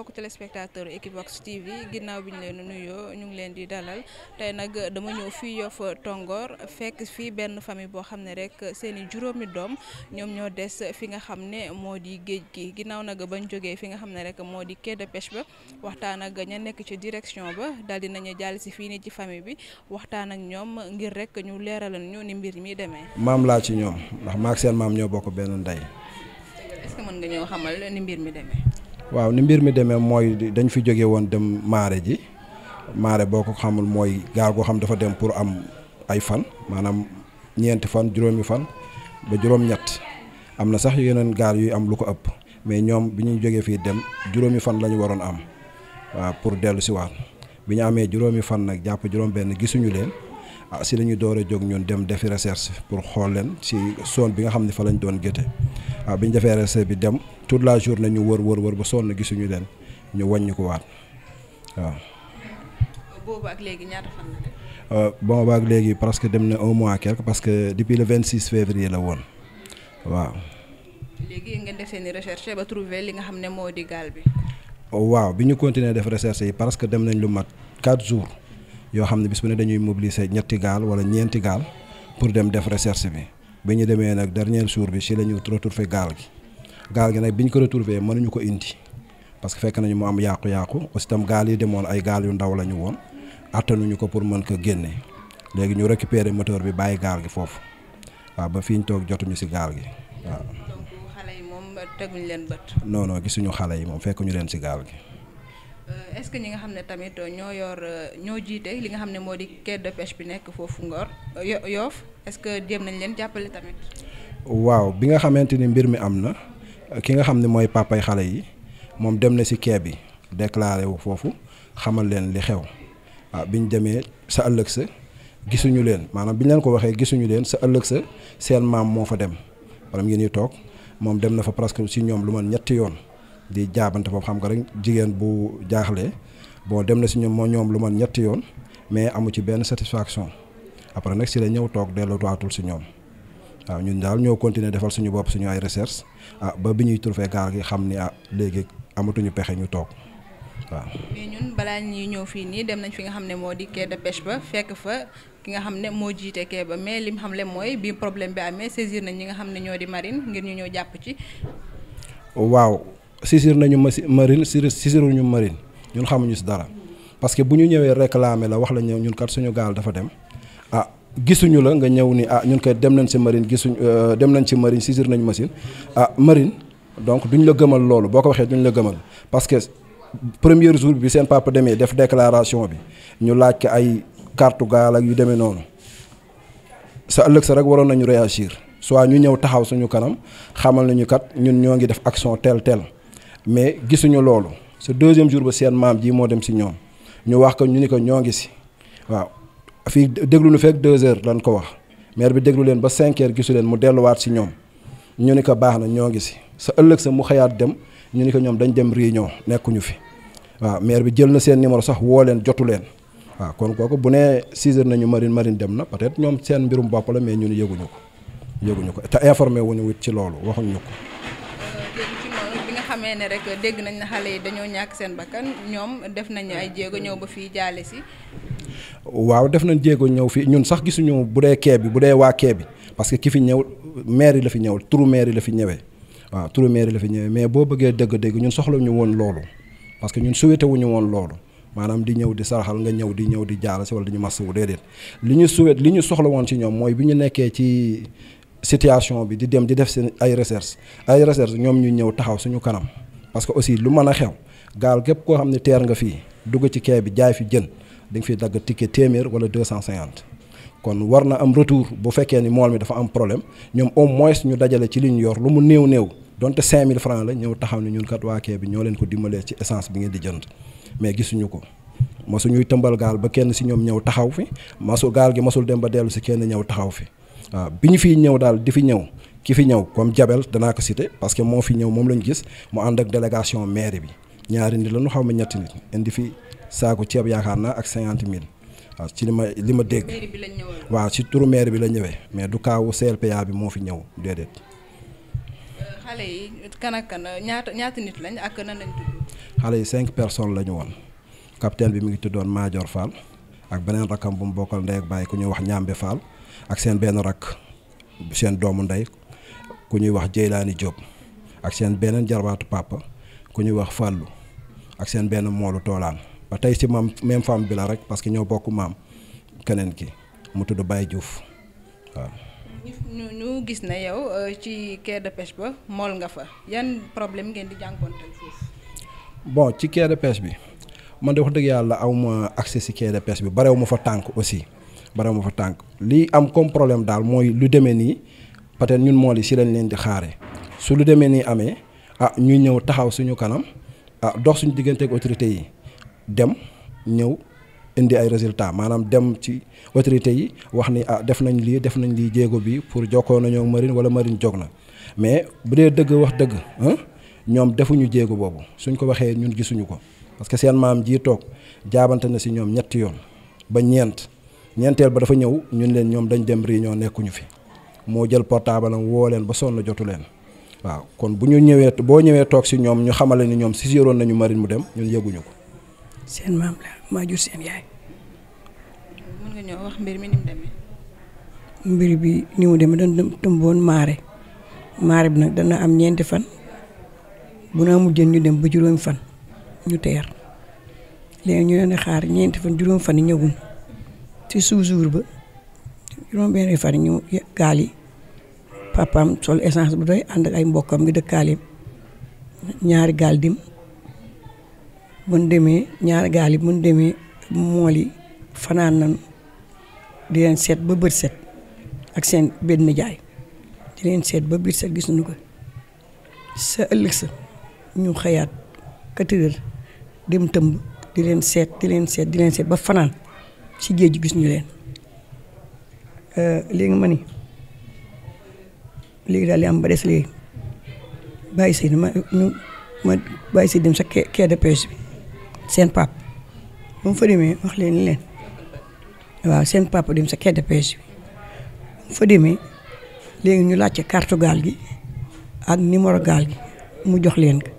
mbokku téléspectateur Equivox TV ginnaaw bi ñu leen nuyoo ñu ngi leen di dalal tey nag dama ñëw fii Yoff tongoor fekk fii benn famille boo xam ne rek seen i juróomi doom ñoom ñoo des fi nga xam ne moo di géej gi ginnaaw nag bañ jógee fi nga xam ne rek moo di quai de pêche ba waxtaan ak ña nekk ci direction ba daal di nañu jàll si fii nii ci famille bi waxtaan ak ñoom ngir rek ñu leeralal ñu ni mbir mi demee. maam laa ci ñoom ndax maak seen maam ñoo bokk mbir mi demee. waaw ni mbir mi demee mooy dañu fi jóge woon dem maare ji maare boo ko xamul mooy gaal goo xam dafa dem pour am ay fan maanaam ñeenti fan juróomi fan ba juróom-ñett am na sax yeneen gaal yuy am lu ko ëpp mais ñoom bi ñu jógee fii dem juróomi fan la ñu waroon am waaw pour dellu si bi ñu amee juróomi fan nag jàpp juróom-benn gisuñu leen. ah si la ñu door jóg ñun dem defi recherche pour xool leen si zone bi nga xam ne fa lañ doon géte ah bi defee recherche bi dem toute la journée ñu wër wër wër ba sonn gisuñu leen ñu wàññi ko waat waaw. boobu ak léegi ñaata fan la. Euh, boobu dem na un mois quelque parce que depuis le 26 février la woon waaw. léegi ngeen def seen recherche ba trouver li nga xam ne moo di gaal bi. Oh, waaw bi ñu continuer def recherche yi parce que dem nañ lu mat 4 jours. yoo xam ne bis bu ne dañuy mobiliser ñetti gaal wala ñeenti gaal pour dem def recherche bi ba ñu demee nag dernier jour bi si la ñu retrouvé gaal gi gaal gi nag bi ñu ko retrouvé mënuñu ko indi parce que fekk nañu mu am yàqu-yàqu aussi tam gaal yi demoon ay gaal yu ndaw la ñu woon attanuñu ko pour mën ko génne léegi ñu récupérer moteur bi bàyyi gaal gi foofu waaw ba fi ñu toog jotuñu si gaal gi waaw. teguñ leen gisuñu xale yi moom fekkuñu leen si gaal gi. Euh, est ce que ñi nga xam ne tamit ñoo yor euh, ñoo jiite li nga xam ne moo di quai de bi nekk foofu Ngor euh, yo est ce que jéem nañ leen jàppale tamit. waaw bi nga xamante ni mbir mi am na ki nga xam ne mooy papay xale yi moom dem na ci quai bi déclaré wu foofu xamal leen li xew waaw ah, bi ñu demee sa ëllëg sa gisuñu leen maanaam bi ñu leen ko waxee gisuñu leen sa ëllëg sa seen maam moo fa dem maanaam ngi ñuy toog moom dem na fa presque ci ñoom lu man ñetti yoon. di jaabante foofu xam nga rek jigéen bu jaaxlee boo dem na si ñoom moo ñoom lu man ñetti yoon mais amu ci benn satisfaction après nag si la ñëw toog delluwaatul si ñoom waaw ñun daal ñoo continuer defal suñu bopp suñu ay recherche ah ba bi ñuy trouvé gaal gi xam ni ah léegi amatuñu pexe ñu toog waaw. ñun balaa ñuy ñëw fii nii dem nañ fi nga xam ne moo di quai de ba fekk fa ki nga xam ne moo jiite kee ba mais lim xam le mooy bi problème bi amee saisir nañ ñi nga xam ne ñoo di marine ngir ñu ñëw jàpp ci. waaw. sisir nañu masi marine sisiruñu marine ñun xamuñu si dara parce que bu ñu ñëwee réclamer la wax la ñun kat suñu gaal dafa dem ah gisuñu la nga ñëw ni ah ñun kat dem nañ si marine gisuñ euh, dem nañ si marine cisir nañu machine ah marine donc duñu la gëmal loolu boo ko waxee duñ la gëmal parce que premier jour bi seen papa demee def déclaration bi ñu laaj ko ay kartu gaal ak yu demee noonu sa ëllëg sa rek waroon nañu réagir soit ñu ñëw taxaw suñu kanam xamal nañu kat ñun ñoo ngi def action tel tel mais gisuñu loolu ce deuxième jour ba seen maam ji moo dem si ñoom ñu wax ko ñu ni ko ñoo ngi si waaw fii déglu nu fekk deux heures lañ ko wax maire bi déglu leen ba cinq gisu leen mu delluwaat si ñoom ñu ni ko baax na ñoo ngi si sa ëllëg sa mu xëyaat dem ñu ni ko ñoom dañ dem réunion nekkuñu fi waaw maire bi jël na seen numéro sax woo leen jotu leen waaw kon kooku bu nee six heures nañu marine marine dem na peut-être ñoom seen mbirum bopp la mais ñun yëguñu ko yëguñu ko te informé wuñu wit ci loolu waxuñu ko nee ne rek dégg nañ ne xale yi dañoo ñàkk seen bakkan ñoom def nañ ay jéego ñëw ba fii jaale si. waaw def nañ jéego ñëw fii ñun sax gisuñu bu dee kee bi bu dee waa kee bi parce que ki fi ñëw maire yi la fi ñëw turu maire la fi ñëwee waaw turu maire la fi ñëwee mais boo bëggee dégg dëgg ñun soxlawuñu woon loolu parce que ñun souhaité woon loolu maanaam di ñëw di saraxal nga ñëw di ñëw di jaala si wala di wu masawu déedéet li ñu souhaité li ñu soxla woon si ñoom mooy bi ñu nekkee ci. situation bi di dem di def seen ay recherche ay recherche ñoom ñu ñëw taxaw suñu kanam parce que aussi lu mën a xew gaal képp koo xam ne teer nga fii dugg ci quai bi jaay fi jën di nga fiy dagg ticket téeméer wala deux cent cinquante kon war na am retour bu fekkee ni mool mi dafa am problème ñoom au moins ñu dajale ci li ñu yor lu mu néew néew donte cinq mille francs la ñëw taxaw ne ñun kat waa quai bi ñoo leen ko dimbalee ci essence bi ngeen di jënd mais gisuñu ko ma suñuy tëmbal gaal ba kenn si ñoom ñëw taxaw fi masu gaal gi masul dem ba dellu si kenn ñëw taxaw fi waaw ah, bi ñu fiy ñëw daal di fi ñëw ki fi ñëw comme Jabel danaa ko cité parce que moo fi ñëw moom lañu gis mu ànd ak délégation maire bi ñaari nit la xaw ma ñetti nit indi fi saako ceeb yaakaar naa ak cinquante mille waaw ah, ci li ma li ma dégg. waaw ci turu bi la ñëwee mais du kaawu CLPA bi moo fi ñëw déedéet. kan kan ñaata ñaata nit lañ ak nan lañ la ñu woon capitaine bi mu ngi tuddoon Major Fall ak beneen rakam bu mu bokkal ndey ak bàyyi ku ñuy wax Ñambe Fall. ak seen benn rakk seen doomu ndey ku ñuy wax Jeylaani Diop ak seen benn jarbaatu papa ku ñuy wax Fallou ak seen benn moolu toolaan ba tey si maam même femme bi la rek parce que ñoo bokk maam keneen ki mu tudd Baye Diouf waaw. ñu ñu gis na yow euh, ci quai de ba mool nga fa yan problème ngeen di jànkonteel foofu. bon ci quai de bi man de wax dëgg yàlla aw ma accès si quai de bi barew ma fa tànk aussi. bara ma fa tànk lii am comme problème daal mooy lu demee nii peut-être ñun mool yi si lañ leen di xaare su lu demee nii amee ah ñuy ñëw taxaw suñu kanam ah dox suñu digganteek ak autorité yi dem ñëw indi ay résultats maanaam dem ci autorité yi wax ni ah def nañ lii def nañ lii jéego bii pour jokkoo nañoo marine wala marine jóg na mais bu dee dëgg wax dëgg ñoom defuñu jéego boobu suñ ko waxee ñun gisuñu ko parce que seen maam jii toog jaabante na si ñoom ñetti yoon ba ñeent ñeenteel ba dafa ñëw ñun leen ñoom dañ dem réunion nekkuñu fi moo jël portaabalam woo leen ba sonn jotu leen waaw kon bu ñu ñëwee boo ñëwee toog si ñoom ñu xamale ni ñoom si yoroon nañu marine mu dem ñun yëguñu ko. seen maam la maa jur seen yaay. mën mi mbir bi ni mu demee dañu tëmboon maare maare bi nag dana am ñeenti fan bu naa mujjee ñu dem ba juróomi fan ñu teer léegi ñu leen xaar ñeenti fan juróom fan yi ñëwuñu. ci suusuur ba juróom-benn far ñu kaali papaam sol essence bu doy ànd ak ay mbokkam ngi dëkkaale ñaari gaal dim mun demee ñaari gaal yi mun demee mool yi fanaan nañu di leen seet ba bët set ak seen benn jaay di leen seet ba bët set gisuñu ko sa ëllëg sa ñu xëyaat quatre heures dem tëmb di leen seet di leen seet di leen seet ba fanaan ci géej gis ñu leen léegi ma ni léegi daal li am ba des léegi bàyyi si ma ñu ma bàyyi Seydi dem sa quai de pêche bi seen pap ba mu fa demee wax leen ni leen waaw seen papa dem sa quai de bi ba mu fa demee léegi ñu laajte carte gaal gi ak numéro gaal gi mu jox leen ko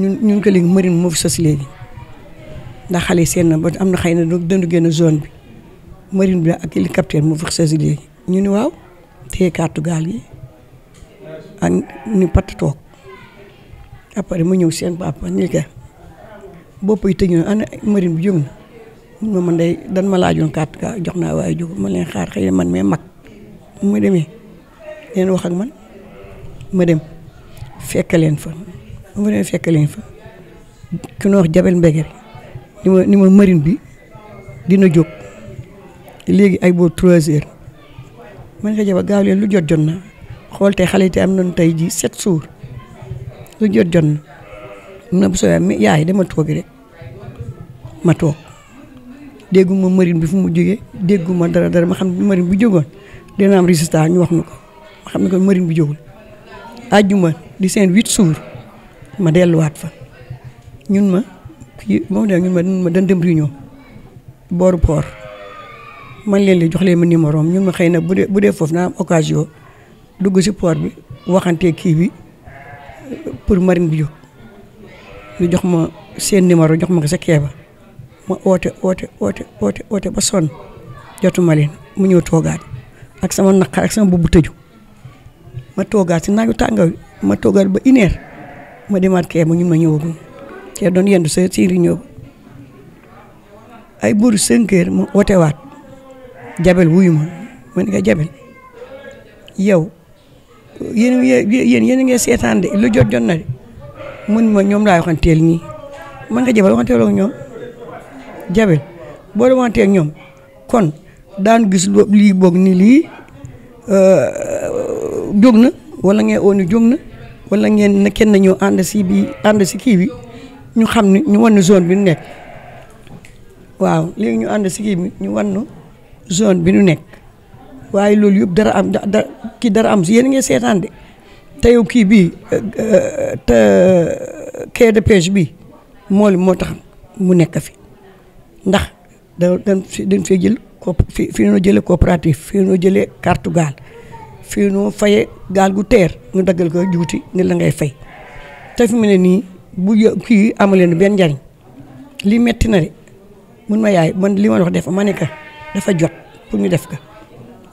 ñun ñun ko léegi marine moo fi léegi ndax xale yi seen na ba am na xëy na dund génn zone bi marine bi ak hélicoptère mu wax sa ñu ni waaw téye kàttu gaal yi ak ñu patt toog après mu ñëw seen papa ñu ko bopp yi tëj na ana marine bi jóg na ma man day dan ma laajoon kàttu gaal jox naa waaye jóg ma leen xaar xëy na man mee mag ma demee leen wax ak man ma dem fekk leen fa ma dem fekk leen fa ki ñu wax Jabel Mbegeri ni ma ni ma marine bi dina jóg léegi ay boobu trois heures man ko jaba gaaw leen lu jot jot na xool te xale te am na nañu tey ji sept jours lu jot jot na mun na bu soobee am yaay dama toog rek ma toog dégguma marine bi fu mu jógee dégguma dara dara ma xam ne bu bi jógoon dina am résistance ñu wax nu ko ma xam ne kon marine bi jógul àjjuma di seen huit jours ma delluwaat fa ñun ma fii moom da ma ma dañ dem réunion booru port man leen li jox leen ma numéro am ñun ma xëy na bu dee bu dee foofu naa am occasion dugg si port bi waxante kii bi pour marine bi jóg jox ma seen numéro jox ma ko sa keeba ma oote oote oote oote ba sonn jotuma leen mu ñëw toogaat ak sama naqar ak sama bubbu tëju ma toogaat si naaju tàngaw ma toogaat ba une ma demaat kee ma ñun ma ñëwagum te doon yendu sa siiri ñëw ay buuru cinq heures mu wotewaat jabel wuyu ma ma ne ko jabel yow yéen yéen yéen ngeen seetaan de lu jot jot na de mun ma ñoom laa waxanteel nii man nga jabel waxanteel ak ñoom jabel boo doon waxanteel ñoom kon daan gis lii boog ni lii euh, jóg na wala ngeen ooni jóg na wala ngeen na kenn ñëw ànd si bi ànd si kii bi ñu xam ni ñu wan zone bi ñu nekk waaw léegi ñu ànd si kii bi ñu wan zone bi ñu nekk waaye loolu yëpp dara am da kii dara am yéen a ngi seetaan de te kii bii euh, euh, te euh, quai de bii mool moo tax mu nekk fi ndax da dañ fee jël co fi noo jëlee coopérative fi noo jëlee carte gaal fii noo fayee gaal gu teer ñu daggal ko juuti ni la ngay fay te fi mu nii. bu jë kii amu leen benn njariñ li metti na de mun ma yaay man li ma wax def ma ne que dafa jot pour ñu def ka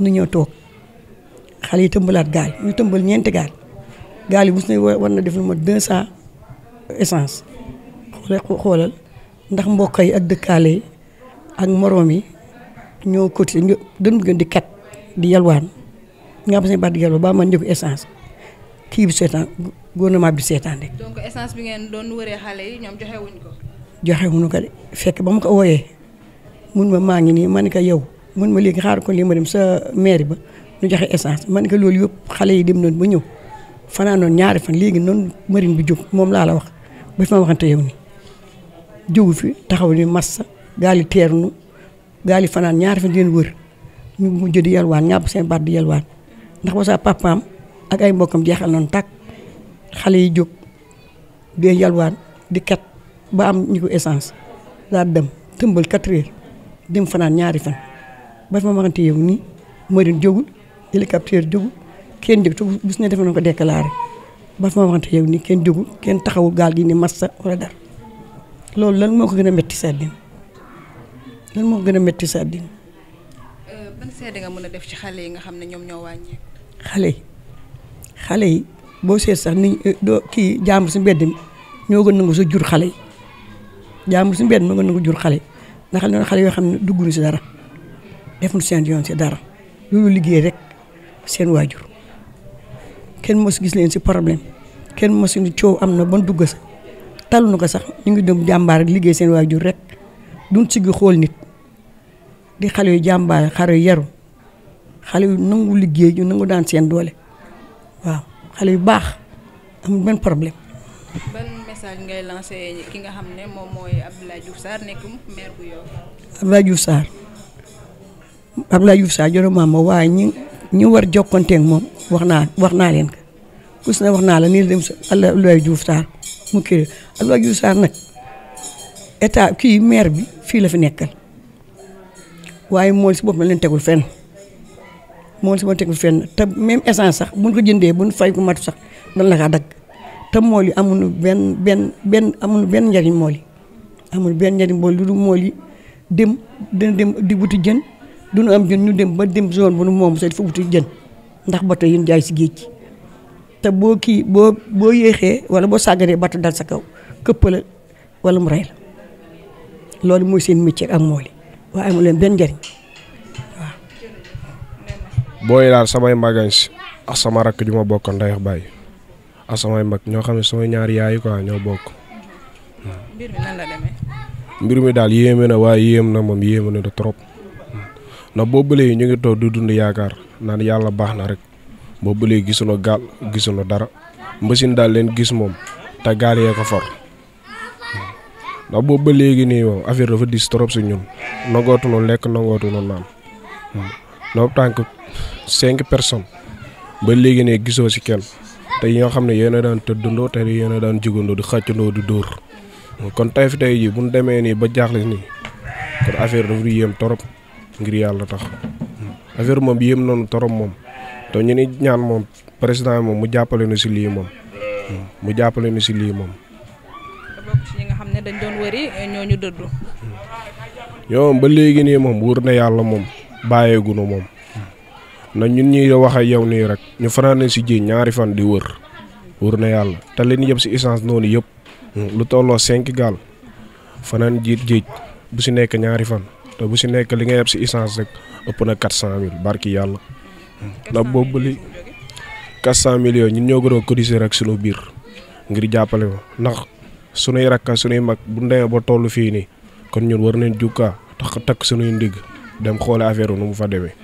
nu ñëw toog xale yi tëmbalaat gaal ñu tëmbal ñeenti gaal gaal yi bu su ne war na def lu ma 200 essence xoolal ndax mbokk yi ak dëkkaale yi ak moroom yi ñoo cotisé ñu dañu gën di kat di yalwaan nga xam ne baat yalwaan ba man njëgu essence kii bi seetaan na gouvernement bi seetaan de. donc essence bi ngeen doon wëree xale yi ñoom joxe wuñ ko. joxe wuñu ko de fekk ba mu ko wooyee mun ma maa ngi nii man ne ko yow mun ma léegi xaar ko lii ma dem sa mairie ba ñu joxe essence man ko loolu yëpp xale yi dem noonu ba ñëw fanaanoon ñaari fan léegi noonu marine bi jóg moom laa la wax ba fi ma waxante yow nii jógu fi taxaw ni massa gaali teernu gaali fanaan ñaari fan di leen wër ñu mujj di yalwaan ñàpp seen baat di yalwaan ndax ba sa papaam ak ay mbokkam jeexal noonu tàkk. xale yi jóg dee yalwaan di kat ba am ñu ko essence daal dem tëmbal quatre heures dem fanaan ñaari fan ba fi ma waxante yow nii marine jógul hélicoptère jógul kenn jóg te bis ne defe na ko déclaré ba fi ma waxante yow nii kenn jógul kenn taxawul gaal gi ni massa wala dara loolu lan moo ko gën a métti sa àddina lan moo ko gën a métti sa àddina. Euh, ban seede nga mën a def ci xale yi nga xam ne ñoom ñoo wàññi. xale yi xale yi. boo seet sax ni doo kii jàmbur si mbedd ñoo gën nangu sa jur xale yi jàmbur si mbedd moo gën nangu jur xale yi ndax xale yoo xam ne dugguñu si dara defuñu si dara loolu liggéey rek seen waajur kenn mos gis leen si problème kenn mos ni coow am na ban dugg sa taluñu ko sax ñu ngi dem jàmbaar liggéey seen waajur rek duñ sigi xool nit di xale yu jàmbaar xale yu yaru xale yu nangu liggéey ñu nangu daan seen doole. xale yu baax amul benn problème. ban message ngay lancé ki nga xam ne moom mooy Abdoulaye Diouf Sarr nekk maire bu Yoff. Abdoulaye Diouf Sarr Abdoulaye Diouf Sarr joro war jokkonteeg moom wax naa wax naa leen ko wax naa la nii la dem sa Abdoulaye Diouf Sarr mu kii Abdoulaye Diouf Sarr nag état kii maire bi fii la fi nekkal waaye mooy si boppam leen tegul fen moom si ma tegu fenn te même essence sax mun ko jëndee buñ fay ko matu sax dañ la kaa dagg te mool yi amuñu benn benn benn amuñu benn njariñ mool yi amul benn njariñ mool mool yi dem dina dem di wuti jën du ñu am jën ñu dem ba dem zone bu nu moom sax dafa wuti jën ndax bato yi ñu jaay si géej te boo kii boo boo yéexee wala boo sàggaree bato dal sa kaw këpp walla wala mu rey la loolu mooy seen métier ak mool yi waaye amu leen benn njariñ booy daal samay magans ak sama rakk ju ma bokk ndey ak baay ak samay mag ñoo xam ne ñaar ñaari yaay quoi ñoo bokk. mbir mi daal yéeme na waaye yéem na moom yéeme na trop ndax boo bëlee ñu ngi toog du dund yaakaar naan yàlla baax na rek boo bëlee gisuñu gaal gisuloo dara mbasin daal leen gis moom te gaal yee ko for ndax boobu ba léegi nii moom affaire dafa dis trop si ñun nangootuñu lekk nangootuñu naan. cinq personnes ba léegi ne gisoo ci kenn te ñoo xam ne yéen a daan tëddandoo te yéen a daan jugandoo di xàccandoo di dóor kon tey fi tey jii bu ñu demee nii ba jaaxle nii kon affaire dafa di yéem torop ngir yàlla tax affaire moom yéem noonu torop moom te ñu ni ñaan moom président moom mu jàppale na si lii moom mu jàppale na si lii moom. ñi nga xam ba léegi nii moom wóor na yàlla moom bàyyeegunu moom. na ñun ñuy wax ak yow nii rek ñu fanaan nañ si ji ñaari fan di wër wër na yàlla te li ñu yëpp si essence noonu yëpp lu tolloo cinq gaal fanaan jiit jiit bu si nekk ñaari fan te bu si nekk li nga yëpp si essence rek ëpp na quatre cent mille barki yàlla. ndax boo li quatre cent mille yooyu ñun ñoo gën a cotiser rek sunu biir ngir jàppale ko ndax sunuy rakka sunuy mag bu ndee ba toll fii nii kon ñun war nañ jukka tax takk sunuy ndigg dem xoole affaire nu mu fa demee.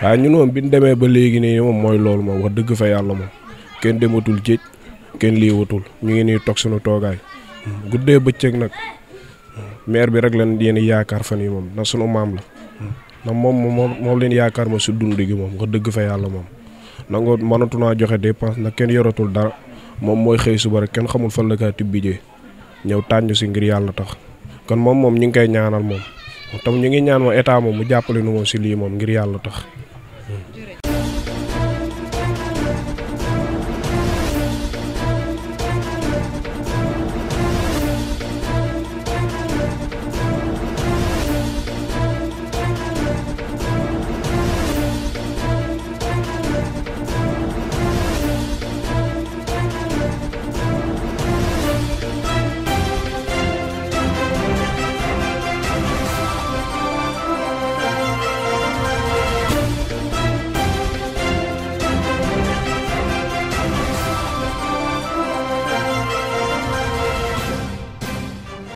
waaye ñu noonu bi demee ba léegi nii moom mooy loolu moom wax dëgg fa yàlla moom kenn dematul géej kenn liiwatul ñu ngi nii toog suñu toogaay guddee bëccëg nag maire bi rek lañ yéen yaakaar fan yi moom na sunu maam la ndax moom moom moom leen yaakaar ma su dund gi moom wax dëgg fa yàlla moom nangoo mënatu naa joxe dépense nag kenn yoratul dara moom mooy xëy suba kenn xamul fan la kaa tibbijee ñëw tàññu si ngir yàlla tax kon moom moom ñu ngi koy ñaanal moom tam ñu ngi ñaan ma état moom mu jàppale nu si lii moom ngir yàlla tax